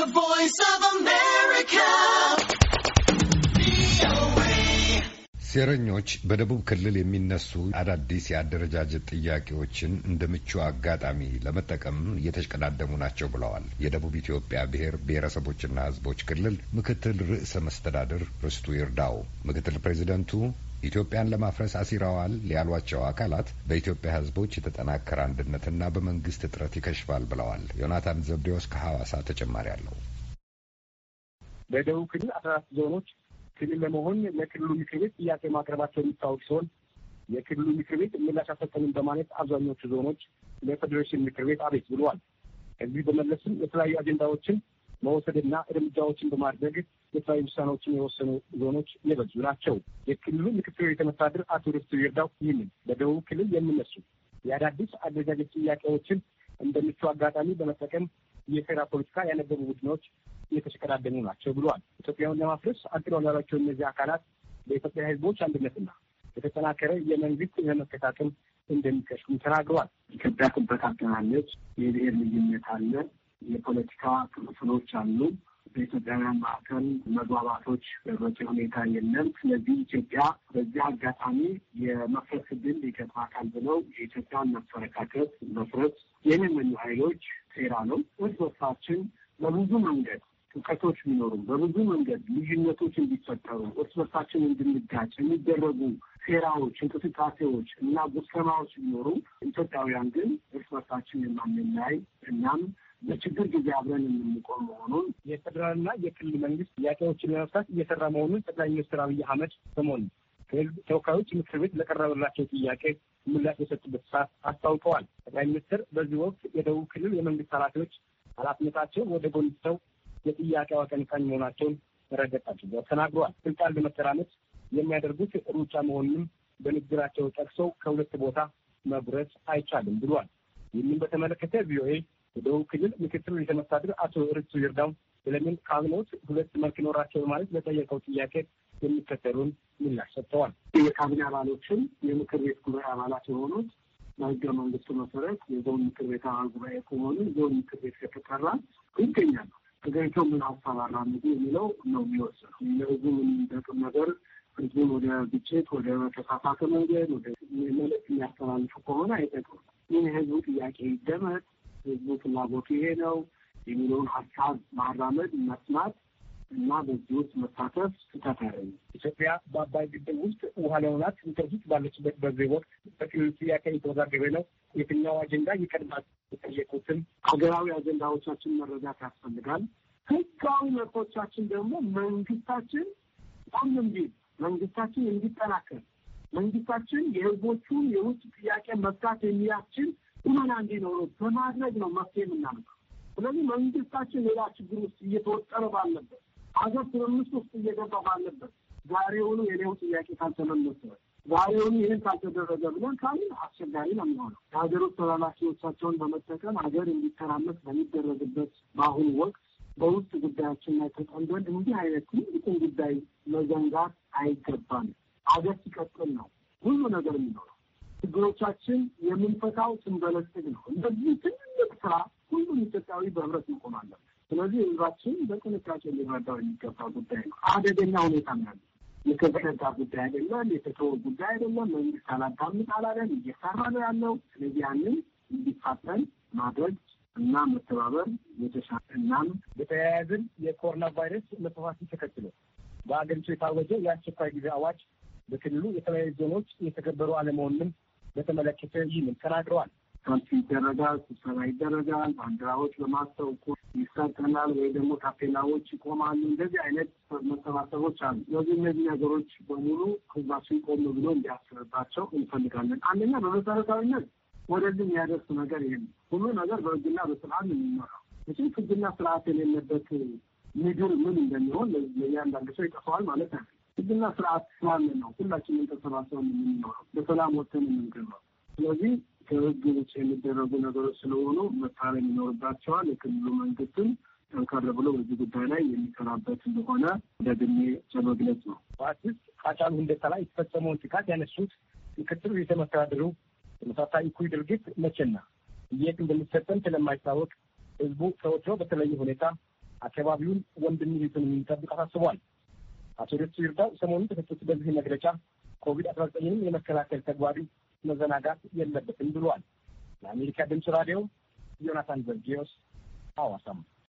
The Voice of America. ሴረኞች በደቡብ ክልል የሚነሱ አዳዲስ የአደረጃጀት ጥያቄዎችን እንደ ምቹ አጋጣሚ ለመጠቀም እየተሽቀዳደሙ ናቸው ብለዋል የደቡብ ኢትዮጵያ ብሔር ብሔረሰቦችና ሕዝቦች ክልል ምክትል ርዕሰ መስተዳድር ርስቱ ይርዳው። ምክትል ፕሬዚደንቱ ኢትዮጵያን ለማፍረስ አሲረዋል ያሏቸው አካላት በኢትዮጵያ ሕዝቦች የተጠናከረ አንድነትና በመንግስት እጥረት ይከሽፋል ብለዋል። ዮናታን ዘብዴዎስ ከሐዋሳ ተጨማሪ አለው። በደቡብ ክልል አስራ አራት ዞኖች ክልል ለመሆን ለክልሉ ምክር ቤት ጥያቄ ማቅረባቸው የሚታወቅ ሲሆን የክልሉ ምክር ቤት ምላሽ አልሰጠንም በማለት አብዛኞቹ ዞኖች ለፌዴሬሽን ምክር ቤት አቤት ብለዋል። ከዚህ በመለስም የተለያዩ አጀንዳዎችን መውሰድና እርምጃዎችን በማድረግ ፍትሐዊ ውሳኔዎችን የወሰኑ ዞኖች የበዙ ናቸው። የክልሉ ምክትል ርዕሰ መስተዳድር አቶ ርስቱ ይርዳው ይህንን በደቡብ ክልል የሚነሱ የአዳዲስ አደረጃጀት ጥያቄዎችን እንደምቹ አጋጣሚ በመጠቀም የሴራ ፖለቲካ ያነበቡ ቡድኖች እየተሽቀዳደሙ ናቸው ብለዋል። ኢትዮጵያውን ለማፍረስ አቅደው ላሏቸው እነዚህ አካላት በኢትዮጵያ ሕዝቦች አንድነትና የተጠናከረ የመንግስት የመመከት አቅም እንደሚከሽፉም ተናግረዋል። ኢትዮጵያ ጥበት አገናለች። የብሔር ልዩነት አለ። የፖለቲካ ክፍፍሎች አሉ። በኢትዮጵያውያን መካከል መግባባቶች በበቂ ሁኔታ የለም። ስለዚህ ኢትዮጵያ በዚህ አጋጣሚ የመፍረስ ዕድል ይገጥማታል ብለው የኢትዮጵያን መፈረካከት መፍረስ የሚመኙ ኃይሎች ሴራ ነው። እርስ በርሳችን በብዙ መንገድ እውቀቶች ቢኖሩም በብዙ መንገድ ልዩነቶች እንዲፈጠሩ እርስ በርሳችን እንድንጋጭ የሚደረጉ ሴራዎች፣ እንቅስቃሴዎች እና ጉሰማዎች ቢኖሩ ኢትዮጵያውያን ግን እርስ በርሳችን የማንናይ እናም ለችግር ጊዜ አብረን የምንቆም መሆኑን የፌዴራልና የክልል መንግስት ጥያቄዎችን ለመፍታት እየሰራ መሆኑን ጠቅላይ ሚኒስትር አብይ አህመድ ሰሞኑን ከህዝብ ተወካዮች ምክር ቤት ለቀረበላቸው ጥያቄ ምላሽ የሰጡበት ሰዓት አስታውቀዋል። ጠቅላይ ሚኒስትር በዚህ ወቅት የደቡብ ክልል የመንግስት ኃላፊዎች ኃላፊነታቸውን ወደ ጎን ትተው የጥያቄው አቀንቃኝ መሆናቸውን ረገጣቸው ተናግረዋል። ስልጣን ለመተራመስ የሚያደርጉት ሩጫ መሆኑንም በንግግራቸው ጠቅሰው ከሁለት ቦታ መጉረስ አይቻልም ብሏል። ይህንም በተመለከተ ቪኦኤ የደቡብ ክልል ምክትል ርዕሰ መስተዳድር አቶ ሪቱ ይርዳው ስለምን ካቢኔዎች ሁለት መልክ ኖራቸው በማለት ለጠየቀው ጥያቄ የሚከተሉን ምላሽ ሰጥተዋል። የካቢኔ አባሎችን የምክር ቤት ጉባኤ አባላት የሆኑት በህገ መንግስቱ መሰረት የዞን ምክር ቤት አባል ጉባኤ ከሆኑ ዞን ምክር ቤት ከተጠራ ይገኛሉ። ሀገሪቱ ምን ሀሳብ አራምዱ የሚለው ነው የሚወስነው። ለህዝቡ ምን የሚጠቅም ነገር ህዝቡን ወደ ግጭት፣ ወደ ተሳሳተ መንገድ ወደ መልዕክት የሚያስተላልፉ ከሆነ አይጠቅም። ይህ ህዝቡ ጥያቄ ይደመጥ ህዝቡ ፍላጎቱ ይሄ ነው የሚለውን ሀሳብ ማራመድ፣ መስማት እና በዚህ ውስጥ መሳተፍ ስህተት አይደለም። ኢትዮጵያ በአባይ ግድብ ውስጥ ውሃ ለመውላት ኢንተርቪት ባለችበት በዚህ ወቅት በክልል ጥያቄ የተወዛገበ ነው። የትኛው አጀንዳ ይቀድማል? የጠየቁትን ሀገራዊ አጀንዳዎቻችን መረዳት ያስፈልጋል። ህጋዊ መብቶቻችን ደግሞ መንግስታችን ሁሉም ቢል መንግስታችን እንዲጠናከር መንግስታችን የህዝቦቹን የውጭ ጥያቄ መፍታት የሚያስችል ቁመና እንዲኖረው በማድረግ ነው መፍትሄ የምናመጣው። ስለዚህ መንግስታችን ሌላ ችግር ውስጥ እየተወጠረ ባለበት ሀገር ትርምስ ውስጥ እየገባ ባለበት ዛሬውኑ የኔው ጥያቄ ካልተመለሰ ዛሬውኑ ይህን ካልተደረገ ብለን ካል አስቸጋሪ ነው የሚሆነው። የሀገሮች ተላላኪዎቻቸውን በመጠቀም ሀገር እንዲተራመስ በሚደረግበት በአሁኑ ወቅት በውስጥ ጉዳያችን ላይ ተጠምደን እንዲህ አይነት ትልቁን ጉዳይ መዘንጋት አይገባም። ሀገር ሲቀጥል ነው ሁሉ ነገር የሚኖረው። ችግሮቻችን የምንፈታው ስንበለጽግ ነው። እንደዚህ ትልቅ ስራ ሁሉም ኢትዮጵያዊ በህብረት መቆም አለበት። ስለዚህ ህዝባችን በጥንቃቄ ሊረዳው የሚገባ ጉዳይ ነው። አደገኛ ሁኔታ ነው ያለ። የተዘነጋ ጉዳይ አይደለም። የተተወ ጉዳይ አይደለም። መንግስት አላዳምጥ አላለን፣ እየሰራ ነው ያለው። ስለዚህ ያንን እንዲፋጠን ማድረግ እና መተባበር የተሻለ እናም በተያያዘን የኮሮና ቫይረስ መስፋፋትን ተከትሎ በአገሪቱ የታወጀው የአስቸኳይ ጊዜ አዋጅ በክልሉ የተለያዩ ዞኖች እየተገበሩ አለመሆንም በተመለከተ ይህንን ተናግረዋል። ሰልፍ ይደረጋል፣ ስብሰባ ይደረጋል፣ ባንዲራዎች በማስተውቁ ይሳተናል ወይ ደግሞ ካፔላዎች ይቆማሉ። እንደዚህ አይነት መሰባሰቦች አሉ። ስለዚህ እነዚህ ነገሮች በሙሉ ህዝባችን ቆም ብሎ እንዲያስብባቸው እንፈልጋለን። አንደኛ በመሰረታዊነት ወደዚህ የሚያደርሱ ነገር ይሄ ሁሉ ነገር በህግና በስርዓት የሚመራው መቼም ህግና ስርዓት የሌለበት ምድር ምን እንደሚሆን ለእያንዳንዱ ሰው ይጠፋዋል ማለት ነው። ህግና ስርዓት ማን ነው? ሁላችንም ተሰባሰብን የምንኖረው በሰላም ወተን የምንገባው። ስለዚህ ከህግ ውጭ የሚደረጉ ነገሮች ስለሆኑ መታረም ይኖርባቸዋል። የክልሉ መንግስትም ጠንከር ብሎ በዚህ ጉዳይ ላይ የሚሰራበት እንደሆነ ደግሜ ለመግለጽ ነው። በአርቲስት ሃጫሉ ሁንዴሳ ላይ የተፈጸመውን ጥቃት ያነሱት ምክትል ርዕሰ መስተዳድሩ ተመሳሳይ እኩይ ድርጊት መቼና የት እንደሚፈጸም ስለማይታወቅ ህዝቡ ከወትሮ በተለየ ሁኔታ አካባቢውን ወንድምነቱን የሚጠብቅ አሳስቧል። አቶ ደሱ ይርዳው ሰሞኑን በሰጡት በዚህ መግለጫ ኮቪድ አስራ ዘጠኝንም የመከላከል ተግባሪ መዘናጋት የለበትም ብሏል። ለአሜሪካ ድምፅ ራዲዮ ዮናታን ዘርጌዎስ ሐዋሳም